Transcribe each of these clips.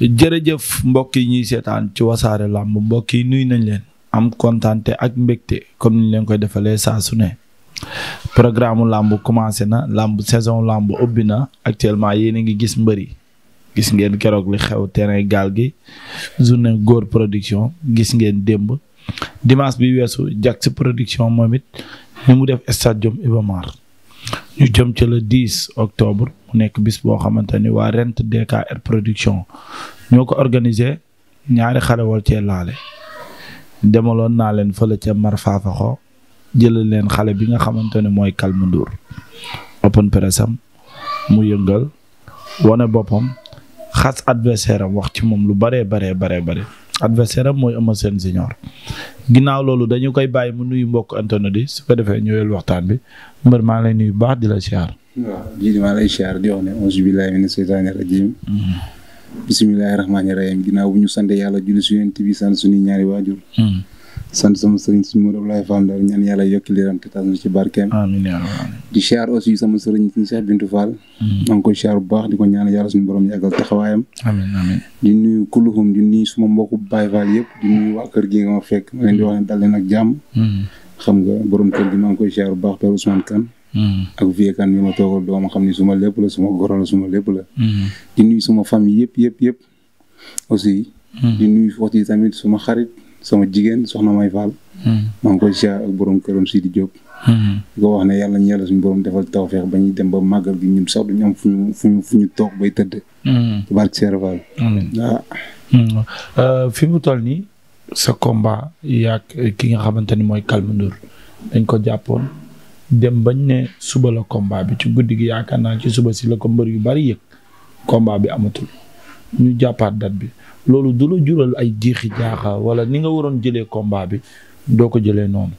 jërëjëf mbokk yi ñuy seetaan ci wasaare làmb mbokk yi nuyu nañ leen am kontaante ak mbégte comme ni leen koy defalee saa su ne programme làmb commencé na làmb saison làmb ubbi na actuellement yéen a ngi gis mbëri gis ngeen keroog li xew terrain gaal gi journée góor production gis ngeen démb dimanche bi weesu Jax production moom it mu def stadium Iba Mar ñu jëm ci le 10 octobre mu nekk bis boo xamante ni waa Rent DKR production ñoo ko organisé ñaari xale war cee laale demaloon naa leen fële ca Mar Fafaxo jëlal leen xale bi nga xamante ne mooy Calme Ndour open press am mu yëngal wane boppam xas adversaire am wax ci moom lu baree baree baree bare adversaire am mooy Eumeu seen Junior ginnaaw loolu dañu koy bàyyi mu nuyu mbokk internet di su ko defee ñëweel waxtaan bi mbër maa lay nuyu baax di la siyaar. waaw maa di wax ne auzu billaahi mina seytaani rajiim mm-hmm. bisimilahi rahmaani rahim ginnaaw bu ñu sante yàlla julli si yonent bi sant suñuy ñaari waajur hmm. sant sama sëriñ suñu Modou Abdoulaye Fall Ndao ñaan yàlla yokki leeram te taas ci barkeem di siyaar aussi sama sëriñ suñu Cheikh Bintou Fall hmm. maa ngi koy siyaar bu baax di ko ñaan yàlla suñu borom yàggal taxawaayam amiin amiin di nuyu kuluxum di nuyu suma mbokku Baye Fall yëpp di waa kër gi nga ma fekk ma leen di ne dal leen ak hmm. xam nga borom kër gi maa koy siyaar baax Père Ousmane Kane ak viekan bi ma toogal dooma xam ni suma lépp la suma goro la suma lépp la mm-hmm. di nuyu suma famille yëpp yëpp yëpp aussi mm-hmm. di nuyu aussi tamit suma xarit sama jigéen soxna may faal mm-hmm. maa ngi koy siyaar ak borom këram Sidi Diop di ko wax ne yàlla ñu yàlla suñu borom defal tawfeex ba ñuy dem ba màggal gi ñun sax duñu am fu ñu fu toog bay tëdd ci barke Serigne Fall waaw euh, fi mu toll nii sa combat yaag ki nga xamante ni mooy Calme dañ ko jàppoon dem bañ ne suba la combat bi ci guddi gi yaakaar naa ci suba si la ko mbër yu bari yëg combat bi amatul ñu jàppaat date bi loolu du la jural ay jiixi jaaxa wala ni nga waroon jëlee komba bi doo ko jëlee noonu.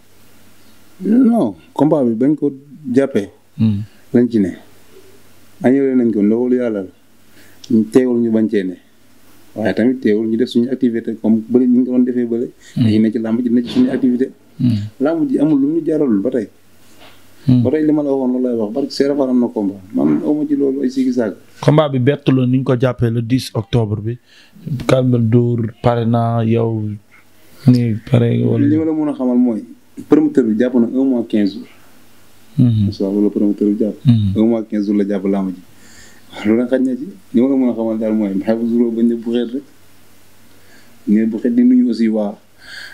non combat bi bañ ko jàppee. Hmm. lañ ci ne. añëwee nañ ko loolu yàlla la teewul ñu bañ cee ne waaye tamit ñu def suñu activité comme bëri ñu ngi ko doon defee bëri. Hmm. ci làmb ji na ci suñu activité. Hmm. làmb ji amul lu ñu jaralul ba tey. Hmm. ba tey li ma la waxoon loolu lay wax parce que Serap Fall am na combat man amu ci loolu ay sigi saag. combat bi bett la ni nga ko jàppee le 10 octobre bi. Kambal Dóor pare naa yow. ni pare wala li ma la mën a xamal mooy. promoteur bi jàpp na un mois quinze jours. incha hmm. allah loolu promoteur bi jàpp. Hmm. un mois quinze jours la jàpp làmb ji. waaw loolu nag xaj na ci li ma la mën a xamal daal mooy xayma juróom bañ a bu xeet rek. ngeen bu xeet di nuyu aussi waa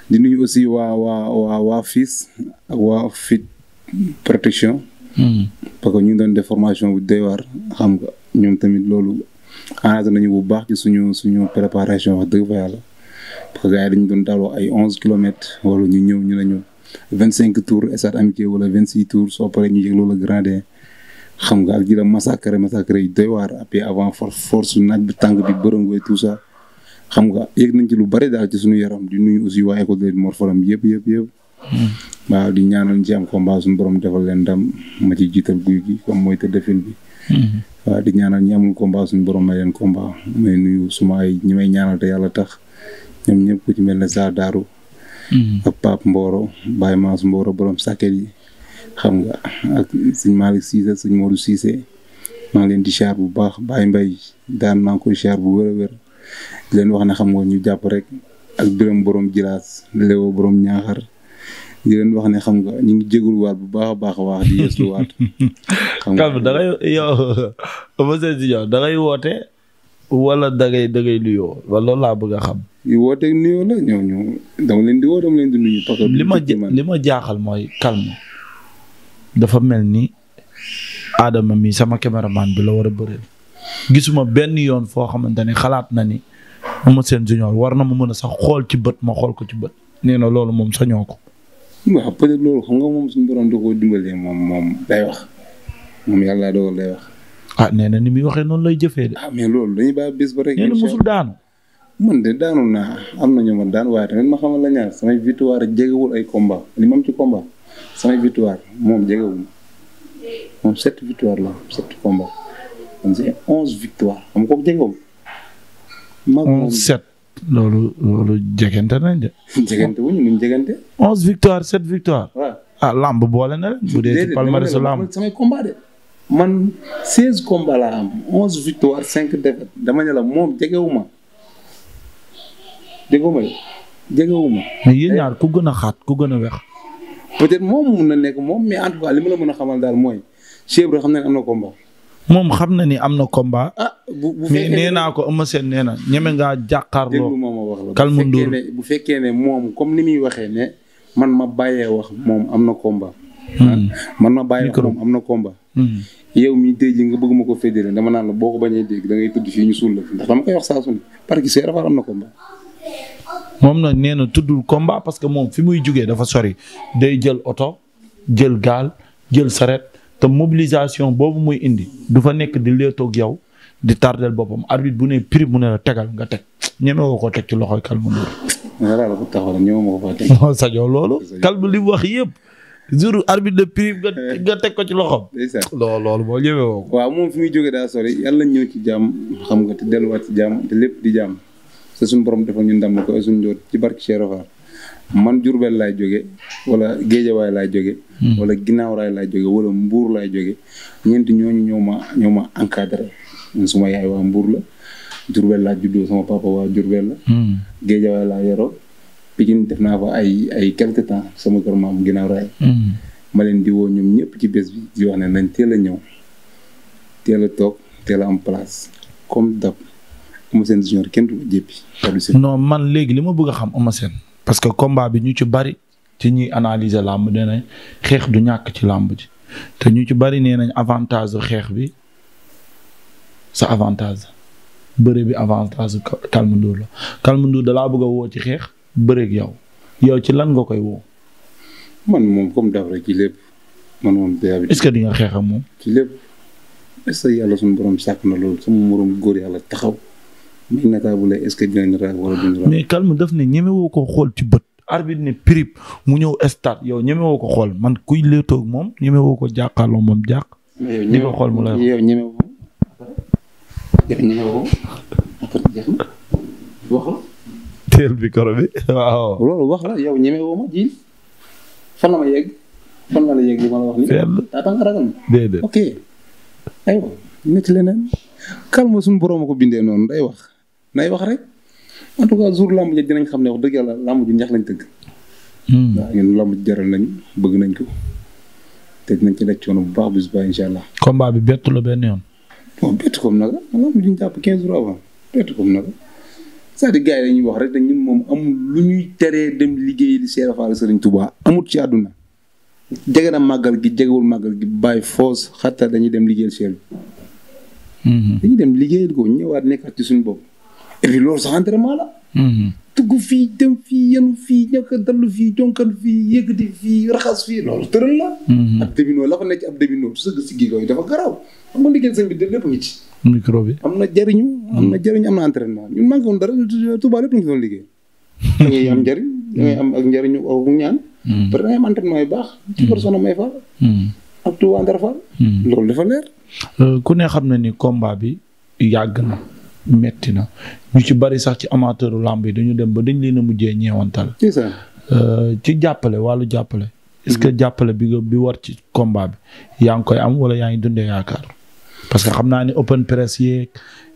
di nuyu aussi waa waa waa waa FIS ak waa FIT. protection. Hmm. parce que ñu ngi doon def formation bu doy waar xam nga ñoom tamit loolu xanaa nañu bu baax ci suñu suñu préparation wax dëgg fa yàlla parce que gars doon daaloo ay onze kilomètres wala ñu ñëw ñu la ñu vingt cinq tours stade amitié wala vingt six tours soo paree ñu yëg loolu grandé xam nga ak ji la massacre massacre yi doy waar après avant force nag bi tàng bi bërëngo et tout ça xam nga yëg nañ ci lu bari daal ci suñu yaram di nuyu aussi waa école de morpholam yëpp yëpp yëpp. Mm. waaw di ñaanal ci am combat suñu borom defal leen ndam ma ci jiital guy gi comme mooy tëdd fil bi. Mm-hmm. waaw di ñaanal ñi amul combat suñu borom may leen combat may nuyu suma ay ñi may ñaanal te yàlla tax ñoom ñëpp ku ci mel ne Saa Daaru. Mm-hmm. ak Pape Mboro Baye Mass Mboro borom sàkket yi xam nga ak sëñ Malick Cissé sëñ Modou si maa ngi leen di siyaar bu baax Baye Mbaye daan naa koy bu wér a wér leen wax ne xam nga ñu jàpp rek ak Birame borom Jilaas Léwo borom Ñaaxar. di wax ne xam nga ñu ngi jégul waat bu baax a baax a waax di yeesu waat. xam nga da ngay yow monsieur Junior da woote wala da ngay da ngay nuyoo laa bëgg a xam. woote nuyoo la ñooñu di woo dama leen di nuyu. parce que li ma li ma jaaxal mooy calme dafa mel ni Adama mi sama caméraman bi la war a bëreel gisuma benn yoon foo xamante ne xalaat na ni Eumeu Sène Junior war na ma mën a sax xool ci bët ma xool ko ci bët nee na loolu moom sañoo ko. waaw ah, peut être loolu xam nga moom suñu borom da koo dimbalee moom moom day wax moom yàlla dogal day wax. a ah, nee na ni muy waxee noonu lay jëfee de. ah mais loolu dañuy bàyyi bis ba rek. nee na mosul daanu. man de daanu naa am na ñu daan waaye tamit ma xamal la ñaar samay victoire jegewul ay combat li ma am ci combat samay victoire moom jegewul moom sept victoire la sept combat man c'est onze victoire xam ko kooku jegewul. mag moom loolu loolu jegante nañ de. jegante wu ñu jegante. onze victoire sept victoire. waaw ah lamb boole na leen. bu dee ci palmarès su lamb samay combat de. man seize combat laa am onze victoire cinq défaite dama ne la moom jegewuma jegewuma jegewuma. mais yéen eh? ñaar ku gën a xaat ku gën a wex. peut-être moom mun na nekk moom mais en tout cas li ma la mën a xamal daal mooy Cheikh Ibrahima xam ne am na combat. moom xam na ni am na combat. ah bu bu naa ko Eumeu Sène nee na ñeme ngaa jàkkaarloo. dégg nga Calme Ndour bu fekkee ne moom comme ni muy waxee ne man ma bàyyee wax moom am na combat. Hmm. Ah, man ma bàyyee wax am na combat. Hmm. yow mi tey jii nga bëgg ma ko fédéré dama naan la boo ko da ngay tudd fii ñu su ne parce na combat. moom nag nee na tuddul combat parce que moom fi muy jógee dafa sori day jël oto jël gaal jël saret te mobilisation boobu muy indi du fa nekk di leetoog yow di tardel boppam arbitre bu ne prix mu ne la tegal nga teg ñeme ko teg ci loxoy Kalmu Ndour. ko Sadio loolu. Kalmu li wax yëpp. jour arbitre de prix nga nga teg ko ci loxoom. loolu loolu moo ñeme woo ko. waaw moom fi muy jógee daa sori yàlla ñëw ci jàmm xam nga te delluwaat ci jàmm te lépp di jàmm te suñu borom defal ñu ndam ko suñu njóot ci barke Cheikh Rafa. man Jurbel laay jóge wala Géejawaay hmm. laay jóge wala Ginnaaw Raay laay jóge wala Mbuur laay jóge ñeenti ñooñu ñoo ma ñoo ma encadré suma yaay waa Mbuur la Jurbel laa juddoo sama papa waa Jurbel la hmm. Géejawaay laa yoroo Pikine def naa fa ay ay quelque temps sama kër maam Ginnaaw Raay hmm. ma leen di woo ñoom ñëpp ci bés bi wax ne nañ teel a ñëw teel a toog teel a am place comme dab Eumeu Sène junior kenn du jéppi non man léegi li ma bëgg a xam Eumeu Sène parce que combat bi ñu ci bari ci ñuy analyser làmb nee nañ xeex du ñàkk ci làmb ji te ñu ci bari nee nañ avantage xeex bi sa avantage bëre bi avantage Calme Ndour la Calme Ndour dalaa bëgg a woo ci xeex bëreeg yow yow ci lan nga koy woo. man moom comme daf rek ci lépp man moom. est-ce que di nga xeex ak moom. ci lépp est-ce yàlla suñu borom sàkk na loolu suma morom góor yàlla taxaw. mais notable est calme daf ne ñemewoo ko xool ci bët. arbitre ne prip mu ñëw stade yow ñemewoo ko xool man kuy léetoog moom ñemewoo ko jàkkaarloo moom mu la teel bi koro bi waaw. loolu wax la yow ñemewoo ma ji fan la ma yegg fan la la yegg li ma la wax nit leneen calme suñu borom ko bindee noonu day wax. nay wax rek en tout cas jour làmb ji dinañ xam ne wax dëgg yàlla làmb ji ñax lañ tëgg. Hmm. waaw ñun làmb ji jaral nañ bëgg nañ ko te dinañ ci daj bu baax bis ba incha allah. combat bi bettu la benn yoon. bon ko nag làmb jàpp 15 jours avant bettu ko nag c'est-à-dire gars wax rek dañ moom amul lu ñuy teree dem liggéeyi di Cheikh Fall Serigne Touba amut ci àdduna. jege na màggal gi jegewul màggal gi bàyyi foos xataa dañuy dem liggéeyal Cheikh bi. Hmm. dañuy dem liggéeyal ko ñëwaat nekkaat ci suñu bopp. et puis loolu sax entraînement la. tugg fii dem fii yenu fii ñàkk a dallu fii jonkal fii yëkkati fii raxas fii loolu tëral la. Mm-hmm. ab domino la fa nekk ab domino sëgg si gii yooyu dafa garaaw xam nga liggéey sëñ bi de lépp ngi ci. micro bi am na jariñu. am na mm-hmm. jariñu am na entraînement ñun manqué woon dara Touba lépp ngi doon liggéey. da ngay am njariñ da ngay am ak njariñu aw ñaan. parce que da ngay am entraînement yu baax. ci mm-hmm. personne may fa. ak Touba Ndar fa. loolu dafa leer. Euh, ku ne xam na ni combat bi yàgg na. metti na ñu ci bari sax ci amateur làmb yi dañu dem ba dañ leen a mujjee ñeewantal. Euh, ci jàppale wàllu jàppale. est-ce mm-hmm. jàppale bi bi war ci combat bi yaa ngi koy am wala yaa ngi dundee yaakaar parce que xam naa ne open press yeeg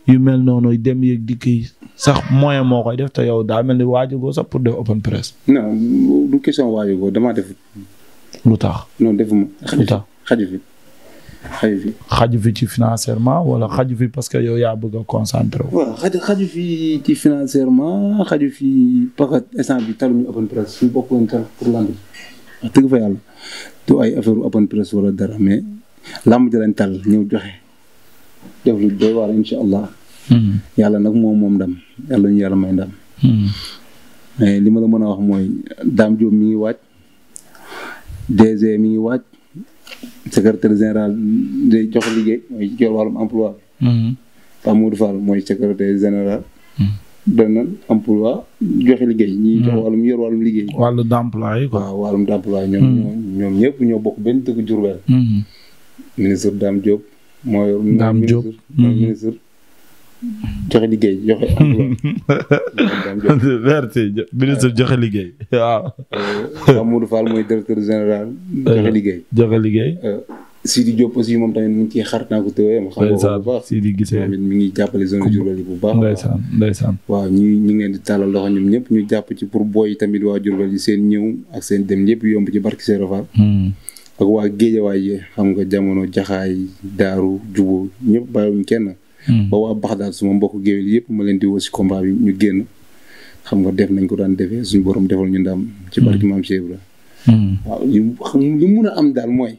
yu mel noonu dem yeeg dikk yi sax moyen moo koy def te yow daa mel ni goo sax pour def open press. non du question waajagoo damaa def. lu tax. non defuma. lu tax xaju fi ci financièrement wala xaju fi parce que yow yaa bëgg a concentré wu. waaw xaj xaju fi ci financièrement xaju fi parce que instant bi taluñu open press suñu bokkoon tal pour lamb wax ay affaire open press wala dara mais lamb ji lañ tal ñëw joxe def lu doy waar incha allah. Hmm. yàlla nag moom moom ndam yàlla ñu yàlla may ndam. Hmm. mais li la mën a wax mooy Dame Diop mi ngi waaj DG mi waaj. secrétaire général day jox liggéey mooy yor wàllum emploi bi. Mhm. Pape Modou Fall mooy secrétaire général. dana mhm. emploi joxe liggéey. ñi mhm. jox wàllum yor wàllum liggéey. wàllu d'emploi yi quoi waaw d'emploi ñoom ñoom ñoo bokk benn dëkk Diourbel. ministre Dame Diop. moo yor ministre. joxe liggéey joxe emploi. merci ministre joxe liggéey waaw. Euh, Amadou Fall mooy directeur général. joxe liggéey euh, joxe liggéey. Euh, Sidi Diop aussi moom tamit mu ngi ciy xar naa ko tëwee ma xam nga bu mi ngi jàppale zone Diourbel yi bu baax ndeysaan ndeysaan waaw ñu ñu ngi leen di tàllal loxo ñoom ñëpp ñu jàpp ci pour booy tamit waa Diourbel yi seen ñëw ak seen dem yëpp yomb ci barki Serigne Fall hmm. ak waa Géejawaay yi xam nga jamono jaxaay daaru jubo ñëpp bàyyiwuñ kenn Hmm. ba waa Baxdaad suma mbokk géwél yëpp ma leen di woo si combat bi ñu génn xam nga def nañ ko daan defee suñu borom defal ñu ndam. ci hmm. barki maam Cheikh Ibra. Hmm. waaw li a am daal mooy.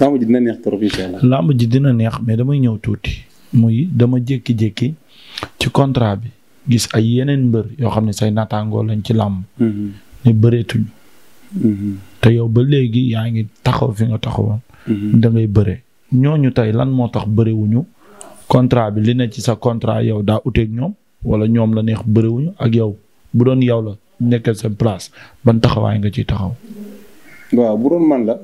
lamb ji dina neex trop incha allah. ji dina neex mais damay ñëw tuuti. muy dama jékki-jékki ci contrat bi gis ay yeneen mbër yoo xam ne say naataangoo lañ ci làmb ne te yow ba léegi yaa ngi taxaw fi nga taxawoon. da ngay ñooñu tey lan moo tax bërewuñu contrat bi li ne ci sa contrat yow daa uteeg ñoom wala ñoom la neex bëriwuñu ak yow bu doon yow la nekkal sa place ban taxawaay nga ci taxaw. waaw bu doon man la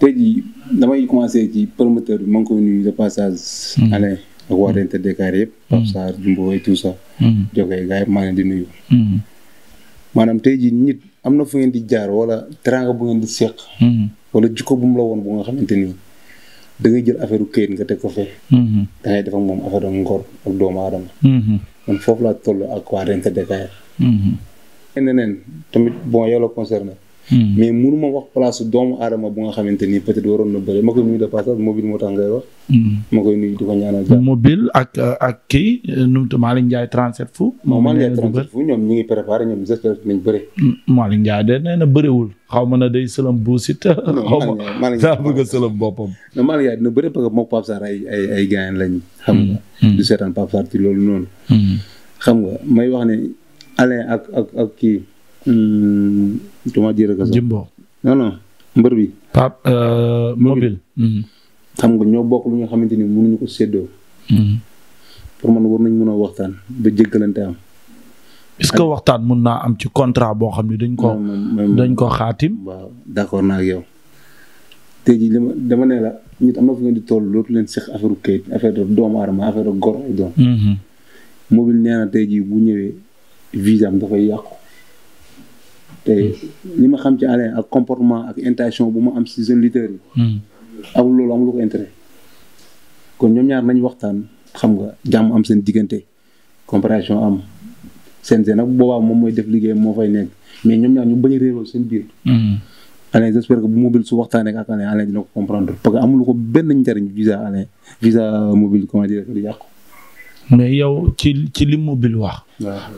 te ji damay commencé ci promoteur bi ma ngi koy nuyu de passage. Hmm. Alain ak waa hmm. Rente Dakar yëpp. Pape hmm. Jumbo et tout ça. Jokalante gars yëpp di nuyu. maanaam tey ji nit am na fu ngeen di jaar wala teranga bu ngeen di seq. wala jikko bu la woon bu nga xamante ni. da ngay jël affaire këyit nga teg ko fee. Mhm. da ngay def ak moom affaire ngor ak doomu aadama. Mhm. man foofu laa toll ak waa Rente DKR. Mhm. leneen tamit bon yow la concerné. Hmm. mais mënu ma wax place doomu aadama bu nga xamante ni peut-être waroon na bëri ma koy nuyu de passage mobile moo tax ngay wax. Hmm. ma koy nuyu di ko ñaanal jàmm. mobile ak euh, ak kii euh, nu mu tudd Malick Ndiaye 37 fu. moom Malick na hmm, xaw ma na day sëlam buusit. non Malick Ndiaye bëgg a sëlam boppam. non Malick Ndiaye dina bëri parce que moom Pape ay ay lañ. xam nga du seetaan Pape ci loolu noonu. xam nga may wax ne Alain ak ak kii. comment dire que mbër bi. Pape euh, mobile. Hmm. xam nga ñoo bokk lu nga xamante ni mënuñu ko séddoo. Hmm. pour man war nañ mën a waxtaan ba jéggalante am. est que waxtaan mun naa am ci contrat boo xam ne dañ ko dañ ko xaatim. waaw d'accord naa yow. tey jii dama dama ne la nit am na fu ngeen di toll dootu leen seq affaire kayit affaire doomu aadama affaire gor ay doom. Hmm. mobile nee na jii bu ñëwee visa am yàqu. te li ma xam ci Alain ak comportement ak intention bu ma am si jeune leader yi. Hmm. amul loolu amul ko intérêt. kon ñoom ñaar nañ waxtaan xam nga jàmm am seen diggante compréhension am seen seen nag boobaa moom mooy def liggéeyam moo fay nekk mais ñoom ñaar ñu bañ a réeroo seen biir. Hmm. Alain j'espère que bu mobile su waxtaanee ak Alain Alain dina ko comprendre parce que amul ko benn njariñ visa Alain visa mobile comment dire di yàqu. mais yow ci ci li mobile wax.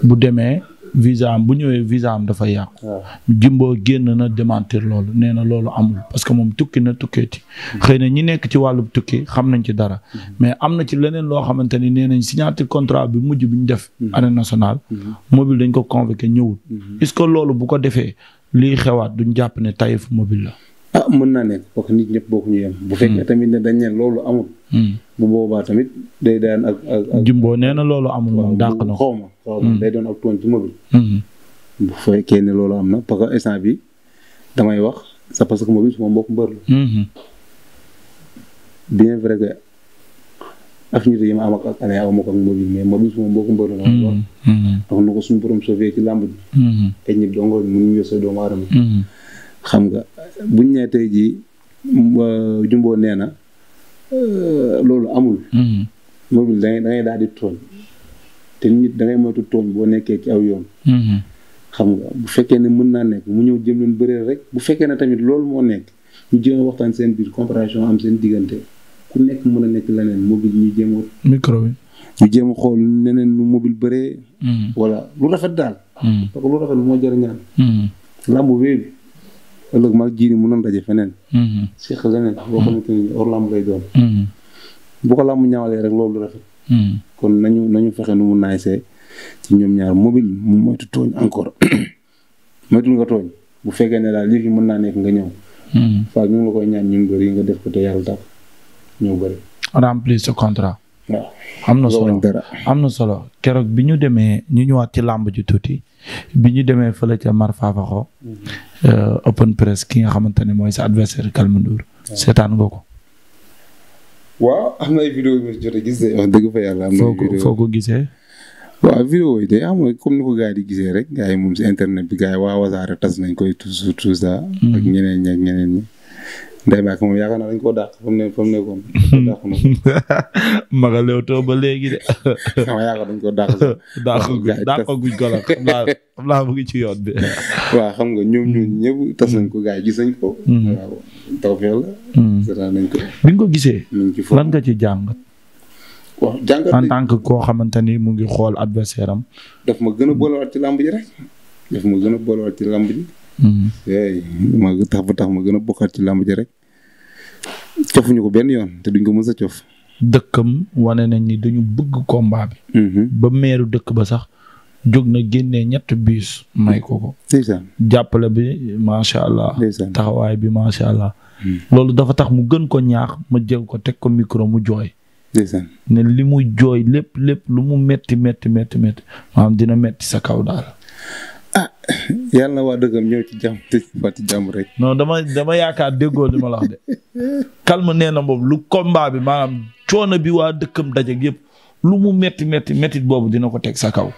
bu demee. visa am bu ñëwee visa am dafa yàqu. Jimbo génn na démentir loolu nee na loolu amul parce que moom tukki na tukkeeti. xëy na ñi nekk ci wàllu tukki xam nañ ci dara. Mm-hmm. mais am na ci leneen loo xamante ni nee nañ signature contrat bi mujj bi ñu def. Mm-hmm. année nationale. Mm-hmm. mobile dañ ko convoqué ñëwul. est-ce loolu bu ko defee liy xewaat duñ jàpp ne Taïf mobile la. ah mën naa nekk parce nit ñëpp bokkuñu yem. Mm. bu fekkee tamit ne dañ ne loolu amul. Mm. bu boobaa tamit day daan ak ak. Jimbo nee na loolu amul moom dàq na ko. xaw ma hmm. day doon ak tooñ ci mobile hmm. bu fekkee loolu am na parce que damay wax sa parce que mobile su mbokk mbër hmm. bien vrai que yi ma am ak année awma ko ak mobile mais mobile su ma mbokk mbër la damay wax xam nga buñ nee tey jii euh, jumboo euh, loolu amul mobile da ngay da te nit da ngay moytu tooñ boo nekkee ci aw yoon. Mm-hmm. xam nga bu fekkee ne mën naa nekk mu ñëw jëm leen bëreel rek bu fekkee ne tamit loolu moo nekk ñu jéem a waxtaan seen biir compréhension am seen diggante ku nekk mën a nekk leneen mobile ñu jéem ñu jéem a xool neneen nu mobile bëree. Mm-hmm. voilà lu rafet daal. Mm-hmm. parce que lu rafet moo jar ñaan. làmb wéebi ëllëg mag jiiri mën a daje feneen. seq leneen boo xamante ni or làmb lay doon. bu ko làmb ñaawalee rek loolu rafet. Hmm. kon nañu nañu fexe nu mun naay see ci ñoom ñaar mobile mu moytu tooñ encore moytu nga tooñ bu fekkee ne daal lii fi mën naa nekk nga ñëw. Hmm. Fatou ñu ngi koy ñaan ñu bëri nga def ko te yàlla tax ñëw bëri. remplir ce contrat. waaw am na solo am na solo keroog bi ñu demee ñu ñëwaat ci làmb ji tuuti bi ñu demee fële ca Mar Fafaxo. Hmm. Euh, open press ki nga xamante ne mooy sa adversaire Kalmandour. seetaan nga ko. waaw am na ay vidéo yu jot a gis de wax dëgg fa yàlla. am na foo ko gisee. waaw vidéo yi de xam nga comme ni ko gars yi di gisee rek gars yi moom si internet bi gars yi waa wasaare tas nañ koy toujours tout ça. Hmm. ak ñeneen ñi ak ñeneen ñi. Ndeye Mbacke moom yaakaar na dañ koo dàq fa mu ne fa mu nekkoon. dàq na ko. Maga Leewtoo ba léegi de. sama yaakaar dañ koo dàq. dàq dàqaguñ ko la xam naa xam naa mu ngi ci yoon bi. waaw xam nga ñoom ñun ñëpp tas nañ ko gars yi gis nañ ko. Hmm. tawfeex la. Hmm. ko. bi nga gisee. lan ci jàng waaw jàngat en tant koo xamante ni mu ngi xool adversaire am. daf ma gën a boolewaat ci làmb ji rek. daf ma gën a boolewaat ci làmb ji. Hmm. ma tax ba tax ma gën a bokkaat ci làmb ji rek. cofuñu ko benn yoon te duñ ko mës a cof. dëkkam wane nañ ni dañu bëgg combat bi. Hmm. ba meeru dëkk ba sax. jóg na génne ñett bus may ko ko. jàppale bi macha allah. taxawaay bi macha allah. Hmm. loolu dafa tax mu gën ko ñaax ma jël ko teg ko micro mu jooy. ne li mu jooy lépp lépp lu mu metti metti metti metti dina metti sa kaw daal. Ah, waa dëggam ñëw ci jàmm te dama dama yaakaar déggoo li ma nee na moom lu combat bi maanaam coono bi waa dëkkam daje yëpp lu mu metti metti mettit boobu dina ko teg sa kaw.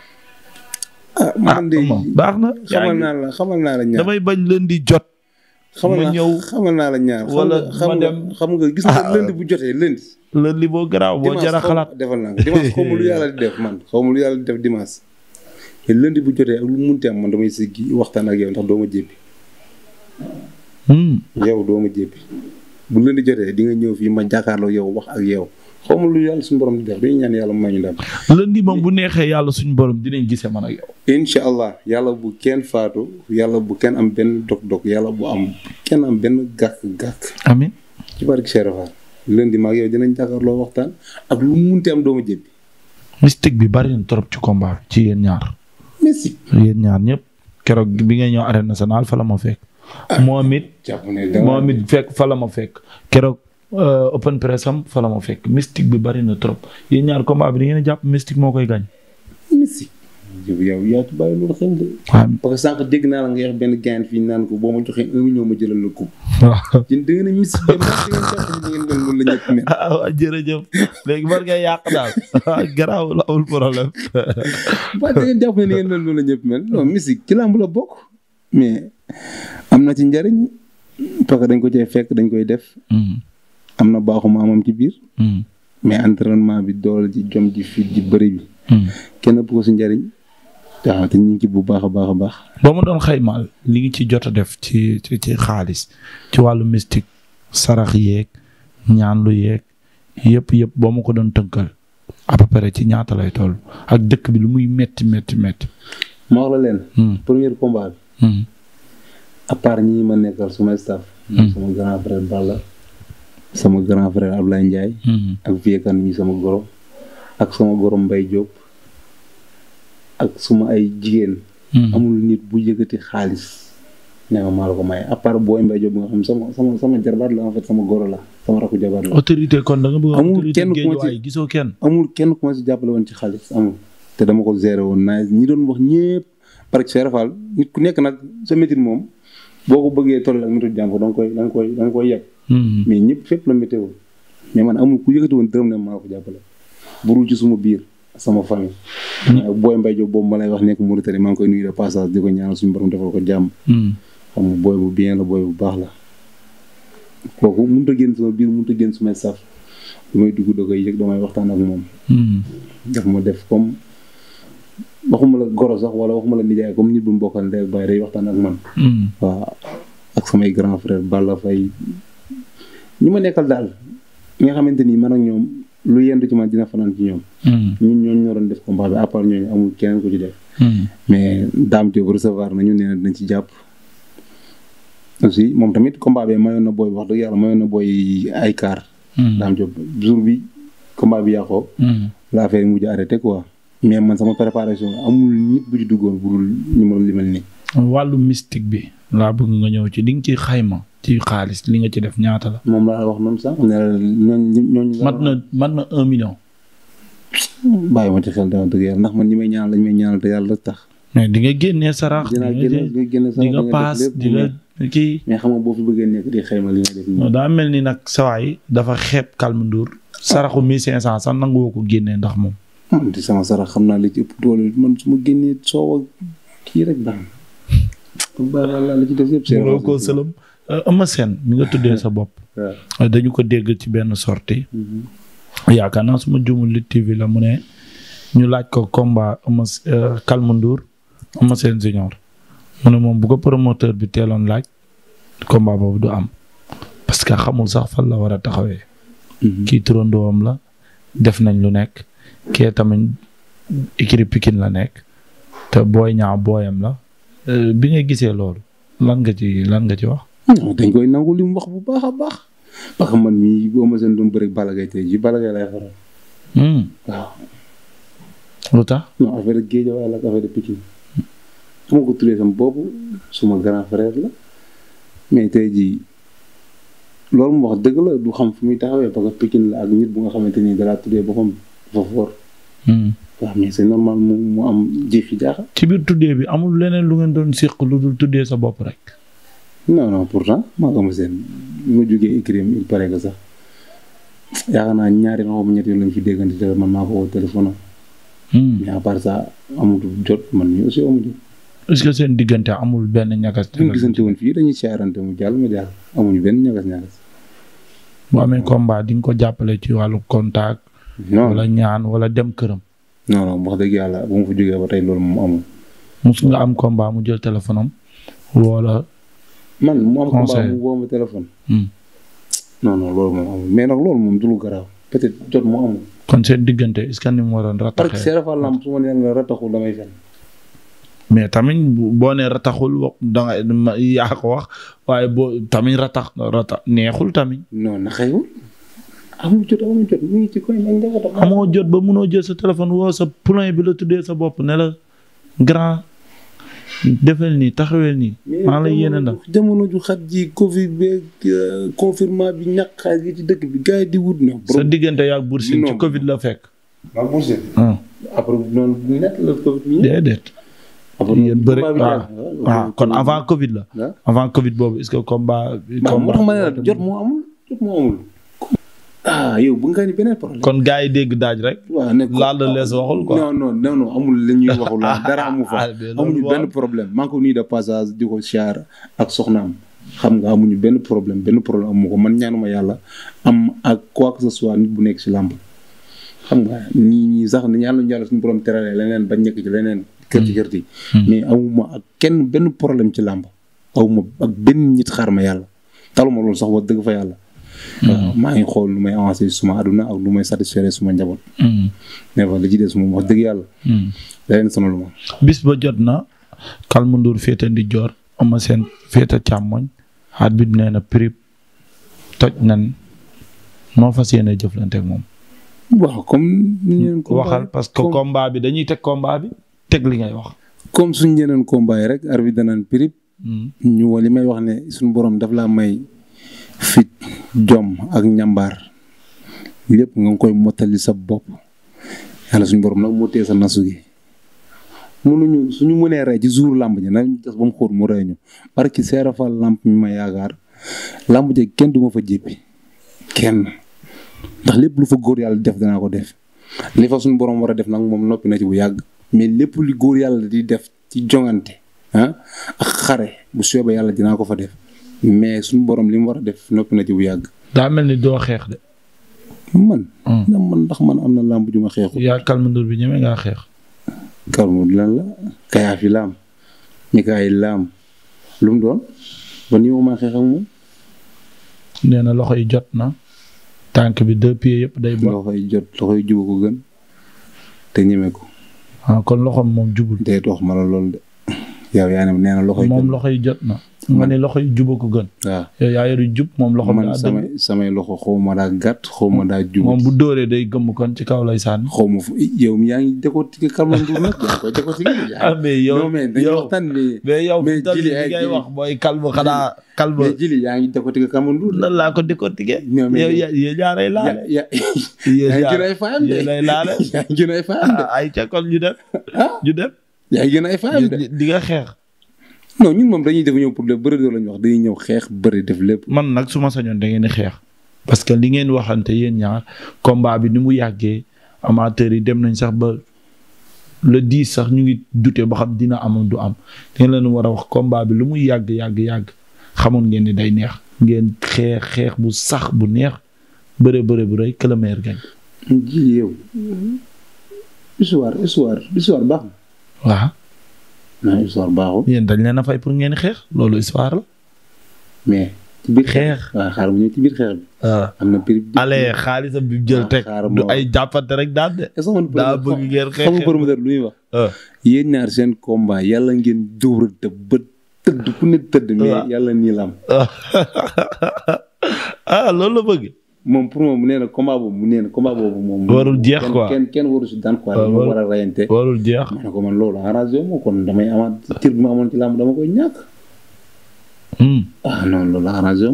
ah man ah, de baax na. xamal naa la xamal naa la ñaar damay bañ leen di jot. xamal naa ñëw xamal naa la ñaar. wala xam nga xam gis nga ah. lënd bu jotee lënd. lënd boo garaaw boo jar xalaat defal naa ko dimanche xaw lu yàlla di def man xaw lu yàlla di def dimanche. te lënd bu jotee ak lu mu munti am man damay siggi waxtaan ak yow ndax doo ma jébbi. Hmm. yow doo ma jébbi bu lënd jotee di nga ñëw fii ma jàkkaarloo yow wax ak yow. xaw ma lu yàlla suñu borom di def dañuy ñaan yàlla may ñu bu neexee yàlla suñu borom dinañ gisee man ak yow. incha yàlla bu kenn faatu yàlla bu kenn am benn dog-dog yàlla bu am kenn benn gàkk-gàkk. amiin ci barke Cheikh Rafa ma ak yow dinañ jàkkaarloo waxtaan ak lu mu munti am doomu jébbi. mystique bi bari na trop ci combat ci yéen ñaar. mystique ñaar ñëpp. keroog bi nga ñëw arène nationale fala la ma fekk. Ah. moom it. moom it fekk fa ma fekk keroog. Euh, open press am fa la ma fekk mystique bi bari na trop yéen ñaar combat bi da ngeen a jàpp mystique moo koy gañ. mystique. yow yaa ci naa la nga wax benn gain fii naan ko ma joxee un ma jëlal la ko. waaw yéen da ngeen a mystique dem ndax loolu la ñëpp mel. ah waaw loolu ah, la ci làmb la bokk mais am na ci njariñ parce que dañ ko cay fekk dañ koy def. Mm-hmm. am na baaxu maamam ci biir. Hmm. mais entraînement bi dool ji jom ji fit ji bëri bi. Hmm. kenn ëpp ko si njëriñ. waaw te ñu ngi ci bu baax a baax a baax. boo ma doon xaymaal li ngi ci jot a def ci ci xaalis ci wàllu mystique sarax yeeg ñaan lu yeeg yëpp yëpp boo ma ko doon tënkal à peu ci ñaata lay tool ak dëkk bi lu muy metti metti metti ma wax la leen. Hmm. premier combat bi. à part ma nekkal suma staff. sama grand frère Balla. sama grand frère Ablaye Ndiaye. Mm-hmm. ak Viekane mi sama goro ak sama goro mbay job ak suma ay jigéen. Mm-hmm. amul nit bu yëkkati xaalis ne ma maa la ko maye à part booy Mbaye Diop nga xam sama jarbaat la en fait sama la sama rakku jarbaat la. autorité kon da nga bëgg autorité géej gisoo kenn amul kenn ku ma si jàppale woon ci xaalis amul. te dama ko géré woon naa ñi doon wax ñëpp parce que Serapal ku nekk nag sa métier moom boo ko bëggee toll ak nitu jàmm da nga koy koy yegg. Mm-hmm. mais ñëpp fépp la météo mais man amul ku yëkkati woon dërëm ne maa ko jàppale burul ci suma biir sama fan booy mbay job ma lay wax nekk Mauritanie maa ngi koy nuyu de passage di ko ñaanal suñu borom defal mm-hmm. bu bien la booy bu baax la kooku mënut a génn sama biir mënut a génn sumay saf damay dugg da koy yëg damay waxtaan ak moom mm-hmm. daf ma def comme waxuma la goro sax wala waxuma la nijaay comme nit bu mu bokkal day waxtaan ak man waaw ak samay grand frère Balla Faye ñi ma nekkal daal nga xamante ni man ak ñoom lu yendu ci man dina fanaan ci ñoom. Hmm. ñun ñooñu ñoo doon def combat bi à ñooñu amul keneen ko ci def. Hmm. mais Dame Diop recevoir nañu nee na ci jàpp. aussi moom tamit combat bi mayoon na booy wax dëgg yàlla mayoon na booy ay kaar. Hmm. Dame Diop jour bi combat bi yàqoo. la affaire yi mujj arrêté quoi. mais man sama préparation amul nit bu ci duggoon budul ñu mën limal ni wàllu mystique bi. laa bëgg nga ñëw ci di nga ci xayma. ci xaalis li nga ci def ñaata la. moom laa wax noonu sax nee na ñooñu. mat na mat na un million. bàyyi ma ci xel dama dëgg yàlla ndax man ñi may ñaanal lañ may ñaanal te yàlla tax. mais di nga génnee sarax. dinaa génne di nga génne sarax di nga paas di kii. mais xam nga boo fi bëggee nekk di xayma li daa mel ni nag sawaay dafa xeeb Calme Ndour. saraxu 1500 ah. sax nangoo ko génnee ndax moom. Ah, di sama xam naa li ci man su ma génnee soow ak kii rek baax na. baax la ci def yëpp. seen ko sëlëm Euh, Eumeu Sène mi nga tuddee sa bopp. Euh, dañu ko dégg ci benn sortie mm-hmm. yaakaar naa suma ma juumul li la mu ne ñu laaj ko combat Eumeu Calme euh, Ndour Eumeu Sène mu ne moom bu ko promoteur bi teeloon laaj combat boobu du am parce que xamul sax fan la war a taxawee. Mm-hmm. kii turandoom la def nañ lu nekk kee tamit ikiri Pikine la nekk te booy ñaaw booyam la bi nga gisee loolu lan nga ci lan nga ci wax. dañ koy nangu li mu wax bu baax a baax parce que man mii boo ma seen doon bëri Balla Gaye tey jii Balla lay faral. Hmm. lu tax. non affaire géejawaay la ak affaire suma grand tey jii loolu mu dëgg la du xam fu muy taxawee parce que la ak nit bu nga xamante ni dalaa tuddee boppam dafa fort. Hmm. waaw mais c'est normal mu mu am ji fi jaaxal. ci biir tuddee bi amul leneen lu ngeen doon séq lu dul tuddee sa bopp rek. non non pourtant maa ngi am seen bi ma jógee écrit il paraît que sax yaakaar naa ñaari noo xam ñetti lañ fi déggante te man woo téléphone am. Hmm. mais à part ça jot man mii aussi amu jot. seen diggante amul benn ñakas ñagas fii dañuy siyaarante mu jàll ma jàll amuñu benn ñagas ñagas. boo amee combat di nga ko jàppale ci wàllu contact. non wala ñaan wala dem këram. non non wax dëgg yàlla bu ma fa jógee ba loolu nga am combat mu jël téléphone am wala. man mu am combat mu téléphone. Hmm. non non loolu moom amul mais nag loolu moom du lu garaaw mu amul. diggante est-ce que ni la rataxul mais tamit boo nee rataxul wax da nga ko wax waaye boo tamit ratax ratax neexul tamit. non na jot mu jot ba munoo jël sa téléphone wo sa poulain bi la tuddee sa bopp ne grand. defal nii taxawel nii. maa lay yéene ndax jamono ju xat ji Covid beeg euh, confinement bi ñàkk xaalis yi ci dëkk bi gars yi di wut na. sa diggante yaag Boursine ci Covid la fekk. waaw Boursine. Ah. après noonu net ah. ah, kon avant Covid la. avant Covid boobu est-ce que combat. combat moo tax ma ne la jot moo amul. ah yow bu nga ni beneen problème. kon gaa yi dégg daaj rek. waaw laal la lees waxul quoi. non amul li ñuy waxul ah, dara amu fa. Ah, amuñu benn problème maa ngi ko de passage di ko ak soxnaam. xam nga amuñu benn problème benn problème amu ko man ñaanuma yàlla am ak quoi que soit nit bu nekk ci làmb. xam nga ñii ñii sax ni yàlla lañu yàlla suñu borom terale leneen ba ñekk ci leneen. kër ci hmm. kër ci. Hmm. mais amuma ak kenn benn problème ci làmb. awuma ak benn nit xaar ma yàlla taluma loolu sax wax dëgg fa yàlla. Mm-hmm. Euh, maa ngi xool lu may avancer suma àdduna ak lu may satisfaire suma njaboot. Mm-hmm. mais li ci des moom wax dëgg yàlla. da leen sonal bis ba jot na Kalmu Ndour féete di joor ama seen féete càmmoñ at bi nee na prip toj nan noo fas yéene jëflante ak moom. waaw comme ñu ko waxal parce que combat bi dañuy teg combat bi teg li ngay wax. comme suñu yeneen combat yi rek arbitre danaan prip. Mm-hmm. ñu li may wax ne suñu borom daf laa may. fit jom ak ñambaar lépp nga koy mottali sa bopp yàlla suñu borom nag moo téye sa nasu gi mënuñu suñu mënee rey ci làmb ji nañ des ba mu xóot mu ñu que seerafal làmb mi ma yaakaar làmb ji kenn du ma fa jéppi kenn ndax lépp lu fa góor yàlla def danaa ko def li fa suñu borom war a def nag moom noppi na ci bu yàgg mais lépp li góor yàlla di def ci joŋante ah ak xare bu soobee yàlla dinaa ko fa def mais suñu borom li mu war a def noppi na ci bu yàgg. daa mel ni doo xeex de. man. Hmm. ndax man am na làmb ju ma xeexu. yaa Calme Ndour bi ñeme ngaa xeex. Calme la. Kayaaf yi laam. Ñikaay laam. lu mu doon. ba nii ma xeex ak moom. nee na loxo yi jot na. tànk bi deux pieds yëpp day. bo loxo yi jot loxo yi jubu ko gën. te ñeme ko. ah kon loxoom moom jubul. déet wax ma la loolu de. yow yaa ne nee na loxo yi moom loxo yi jot na. ma ne loxo yi jub a ko gën. waaw yow yaa yor jub moom loxo. man samay samay loxo xaw ma daa gàtt xaw ma daa jub. moom bu dóoree day gëmm kon ci kaw lay sànni. xaw ma fu yow mi yaa ngi décortiquer Kalma Ndour nag a ngi koy décortiquer. ah mais yow non mais dañuy waxtaan mais. mais yow li ngay wax mooy Kalma xanaa. Kalma mais jili yaa ngi décortiquer ko décortiquer. yow yaa ñaaray laale. yaa yaa yaa ah, ay ca kon ñu dem ah. ñu dem. yaa ngi ay faayam de di nga xeex. non ñun moom dañuy def ñëw pour le bëri doo la ñu wax dañuy ñëw xeex bëri def lépp. man nag su ma sañoon da ngeen di xeex. parce que li ngeen waxante yéen ñaar combat bi ni mu yàggee amateurs yi dem nañ sax ba le dix sax ñu ngi dute ba xam dina am du am da ngeen leen war a wax combat bi lu muy yàgg yàgg yàgg xamoon ngeen ni day neex ngeen xeex xeex bu sax bu neex bëre bëre bu rëy que le meilleur gagne. ji yow. Mm-hmm. histoire waaw. non histoire baaxul. dañ leen a pour ngeen xeex loolu histoire la. mais ci xeex waaw xaar bu ñëw ah. na prix. xaalisam bi jël ah, teg du ay jàppante rek daan de. est-ce que daa bëgg ngeen xeex xamul wax. Ah. yéen ñaar seen combat yàlla ngeen dóor te bët tëdd ku tëdd. mais yàlla nii la loolu la bëgg. moom pour moom mu nee na combat mu nee na combat warul jeex kenn kenn waru si daan warul jeex. ma ko man loolu arrangé kon damay tir bi ma amoon ci làmb dama koy ñàkk. Hmm. Ah,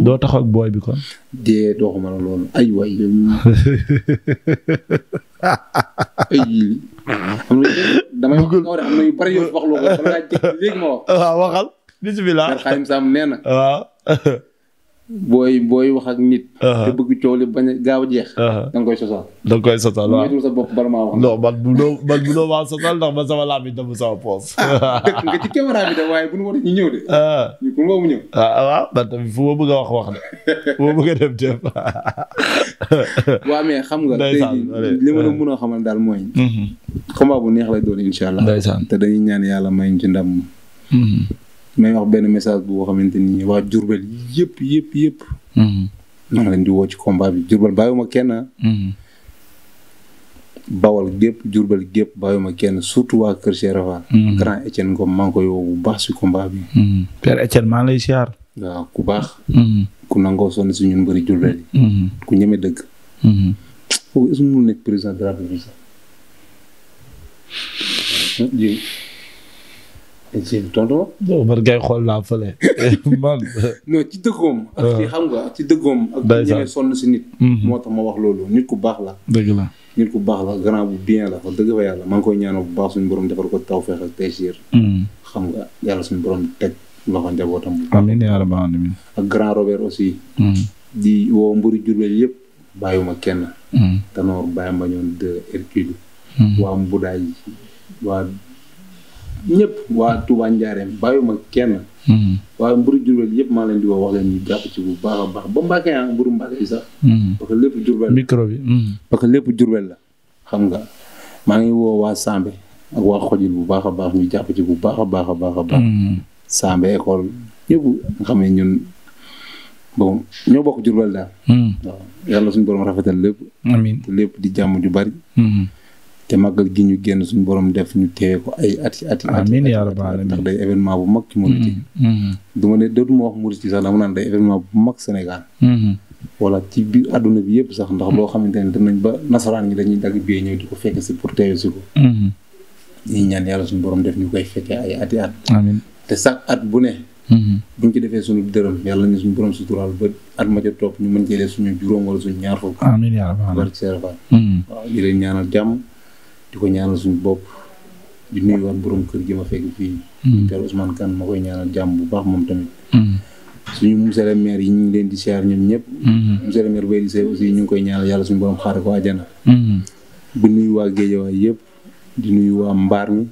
doo taxaw ak booy bi quoi. dee doxuma la loolu ay waxal bisimilah. Xaadim Samb nee na waaw. booy booy wax ak nit. Uh-huh. te bëgg coow li bañ a a jeex. Uh-huh. da nga koy sosal. da nga koy sosal waaw moytuwul sa bopp bala maa wax. non man bu doon man bu doon maa sosal ndax man sama laam bi dem sama poos. dëkk nga ci caméra bi de waaye bu nu war ñu ñëw de. Uh-huh. ñu bu nu woo mu ah, ah, a wax wax de fu ma a dem xam nga. ndeysaan li ma la a xamal daal mooy. Mm-hmm. combat bu neex lay doon incha te dañuy ñaan yàlla may ñu ci ndam. Mm-hmm. may wax benn message boo xamante ni waa Diourbel yëpp yëpp yëpp. maa mhm. ngi leen di woo ci combat bi Diourbel bàyyiwuma kenn. Ah. Mhm. Bawal gépp Diourbel gépp bàyyiwuma kenn surtout waa Kër Cheikh Raval. Mhm. grand Etienne Ngom maa koy woo bu baax si combat bi. Père Etienne maa lay siyaar. waaw ku baax. ku nangoo sonn si ñun bëri Diourbel ku ñeme dëgg. sëñ tonton. non man ngay xool naa fële. man. non ci dëggoom. ak ci xam nga ci dëggoom. ak ñu ñëwee sonn si nit. Mhm. moo tax ma wax loolu nit ku baax la. dëgg la nit ku baax la grand bu bien la wax dëgg fa yàlla maa ngi koy ñaanal bu baax suñu borom defar ko tawfeex ak teysir. Mhm. xam nga yàlla suñu borom teg loxo njabootam. amiin yaa rabbal aalamiin. ak grand Robert aussi. Mhm. di woo mbëri Jurbel yëpp bàyyiwuma kenn. Tanor Baye Mbañoon de Hercule. waa Mbudaay waa. ñëpp waa Touba Njaareem bàyyuma kenn. Mm-hmm. waaye mburu Jurbel yëpp maa leen di woo wax leen ñu jàpp ci bu baax a ba Mbàkke ah mburu Mbàkke yi sax. Mm-hmm. parce que lépp Jurbel la mm-hmm. que lépp Jurbel la. xam nga maa ngi woo waa Sambe ak waa Xojil bu baax baax ñu jàpp ci bu baax a baax a baax a baax. Sambe école yëpp nga xam ne ñun bon ñoo bokk Jurbel daal. waaw yàlla suñu borom rafetal lépp. amiin lépp di jàmm ju bari. te a gi ñu génn suñu borom def ñu teewee ko ay ati ati amiin yaa rabbal aalamiin ndax day événement bu mag ci murit mm-hmm, mm-hmm. du ma ne dootuma wax murit sax dama naan day événement bu mag Sénégal voilà mm-hmm. ci biir àdduna bi yëpp sax ndax loo xamante ne dem nañ ba nasaraan ñi dañuy dagg bee ñëw di ko fekk si pour teewe si ati bu ne buñ ci defee suñu juróom wala suñu ñaar fukk amiin yaa rabbal jàmm di ko ñaanal suñu bopp di nuyuwaat borom kër gi ma fekk fii. Hmm. Père Ousmane Kane ma koy ñaanal jàmm bu baax moom tamit. Hmm. suñu monsieur le maire yi ñu leen di siyaar ñoom ñëpp. Hmm. monsieur le maire Baye Seye ñu ngi koy ñaanal yàlla suñu borom ko àjjana. di nuyu waa Géejawaay yëpp di nuyu waa Mbaar mi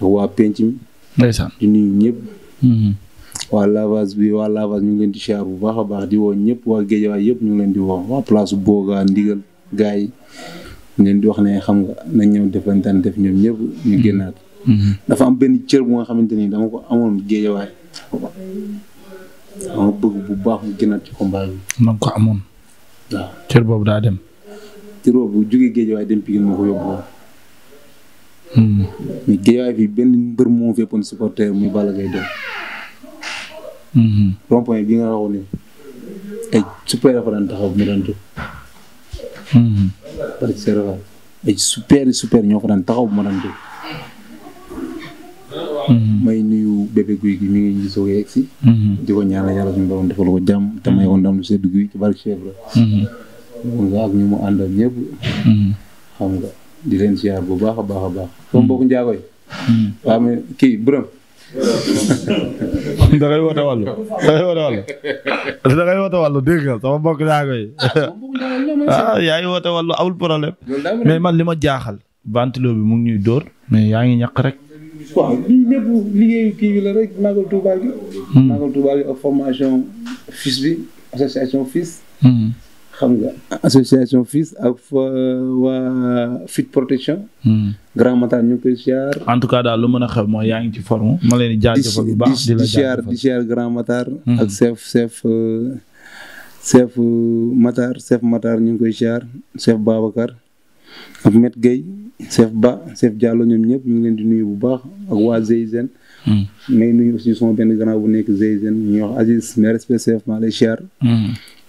waa Penc mi. ndeysaan di ñu leen di siyaar bu baax a baax di woo ñëpp waa Géejawaay yëpp ñu ngi leen di woo waa place Boga Ndigal gars ngeen di wax ne xam nga nañ ñëw deflantaan def ñoom ñëpp ñu mm-hmm. génnaat. Mm-hmm. dafa am benn cër bu nga xamante ni dama ko amoon géejawaay. dama bëgg bu baax mu génnaat ci combat bi. na ko amoon. waaw cër boobu daa dem. cër bu jógee géejawaay dem Pikine moo ko mm-hmm. mais géejawaay fii benn mbër moo feppoon supporter muy Balla Gaye dem. rond-point bi nga waxoon ne ay super dafa daan taxaw mu daan parce que ay super super ñoo fa daan taxaw bu ma mm-hmm. may nuyu bébé guy gi mi ngi ñu soog a yegg si. Mm-hmm. di ko ñaanal yàlla suñu borom defal ko jàmm te may ko ndam lu sedd guy ci barke Cheikh mm-hmm. nga ak ñu mu àndal ñëpp. nga di leen siyaar bu baax a baax a baax. sama mbokku njaago yi. waa kii Birame. da ngay woote wàllu da ngay woote wàllu da ngay yaa koy ah yaa ngi woote wàllu awul problème ma li ma jaaxal bantiloo bi mu ngi ñuy door mais yaa ngi ñaq rek waaw lii lépp liggéeyu kii bi rek Magal Touba bi hmm. Magal bi ak formation FILS xam nga association FILS ak waa Fit Protection. Hmm. Grand Matar ñu koy tout cas daal lu mën a xew mooy yaa ngi ci forme. ma leen di jaajëfal bu baax di Grand Matar. Hmm. ak chef chef euh, euh, chef Matar chef ñu ngi koy siyaar chef Babacar ak Met Gueye chef Ba chef Diallo ñoom ñëpp ñu ngi leen di nuyu bu baax ak waa Zeyzen. Hmm. mais nuyu aussi sama benn grand bu nekk Zeyzen ñu wax Aziz mais respect chef maa lay siyaar.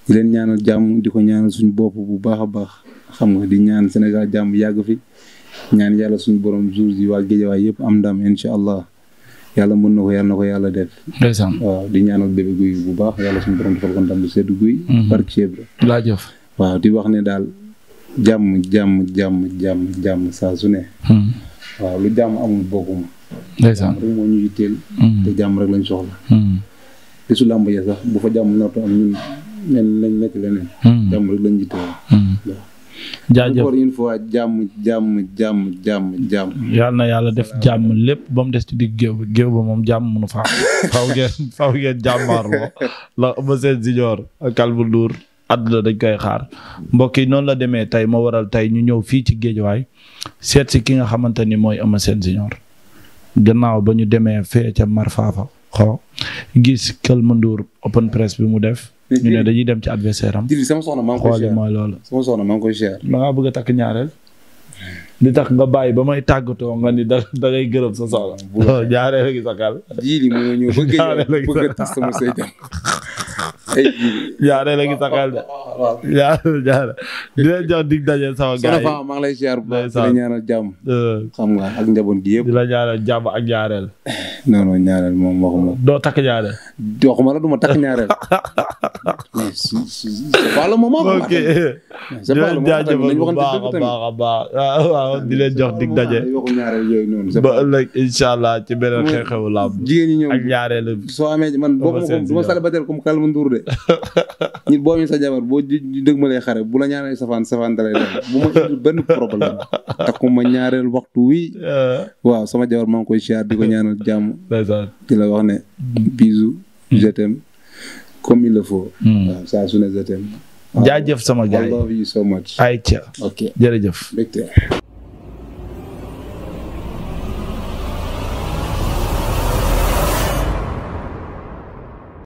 di leen ñaan jàmm di ko ñaan suñu bopp bu baax a baax xam nga di ñaan Sénégal jàmm yàgg fi ñaan yàlla suñu borom jours yi waa Géejawaay yëpp am ndam incha allah yàlla mën na ko yàlla na ko yàlla def. ndeysaan waaw di ñaanal bébé guy bu baax yàlla suñu borom defal ko ndam bu sedd guy. Mhm. barke Cheikh Ibra. laajëf waaw di wax ne daal jàmm jàmm jàmm jàmm jàmm saa su ne. Mhm. waaw lu jàmm amul bokkuma. ndeysaan rek moo ñu mhm. jàmm rek lañ soxla. sax bu fa jàmm nattu am ñun. nen nañ nekk leneen. Hmm. jàmm rek hmm. jàmm jàmm jàmm jàmm jàmm. yal na yàlla def jàmm lépp ba mu des ci digg géew bi moom jàmm mënu faa. faw faw ngeen jàmmaarloo la Eumeu Sène Junior Kalbu Ndour dañ koy xaar mbokk yi noonu la demee tey moo waral tey ñu ñëw fii ci géej waay seet si ki nga xamante ni mooy Eumeu Sène Junior gannaaw ba ñu demee fee ca Mar Fafa xo gis Kalbu open press bi mu def. ñu ne dañuy dem ci adversaire am. sama mooy loolu. sama soxna bëgg a takk ñaareel. li tax nga bàyyi ba may tàggatoo nga ni da da ngay sa soxla. loolu oh, ñaareel gi sa xel. ji li moo ñëw bëgg a a tas sama sëy ñaareel gi sa de. waaw yaa jaara di leen jox dig daje sama gars yi maa ngi lay ziar bu baax di la ak njaboot gi yëpp la ñaanal jàmm ak ñaareel non non doo takk ñaareel waxuma mala du ma takk ñaareel wala moom ok di leen jaajëfal bu a ah, di leen jox dig daje ba ëllëg incha allah ci beneen xew-xewu làmb ak ñaareel soo man dëgmalee xare bu la ñaanee safaan safaan dalay dal bu ma indil benn problème takku ma ñaareel waxtu wii waaw sama jabar maa ngi koy siyaar di ko ñaanal jàmm di la wax ne bisou hmm. je t'aime comme il le faut hmm. waaw saa su a je t'aime jaajëf sama gars yi I love you